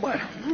Bueno.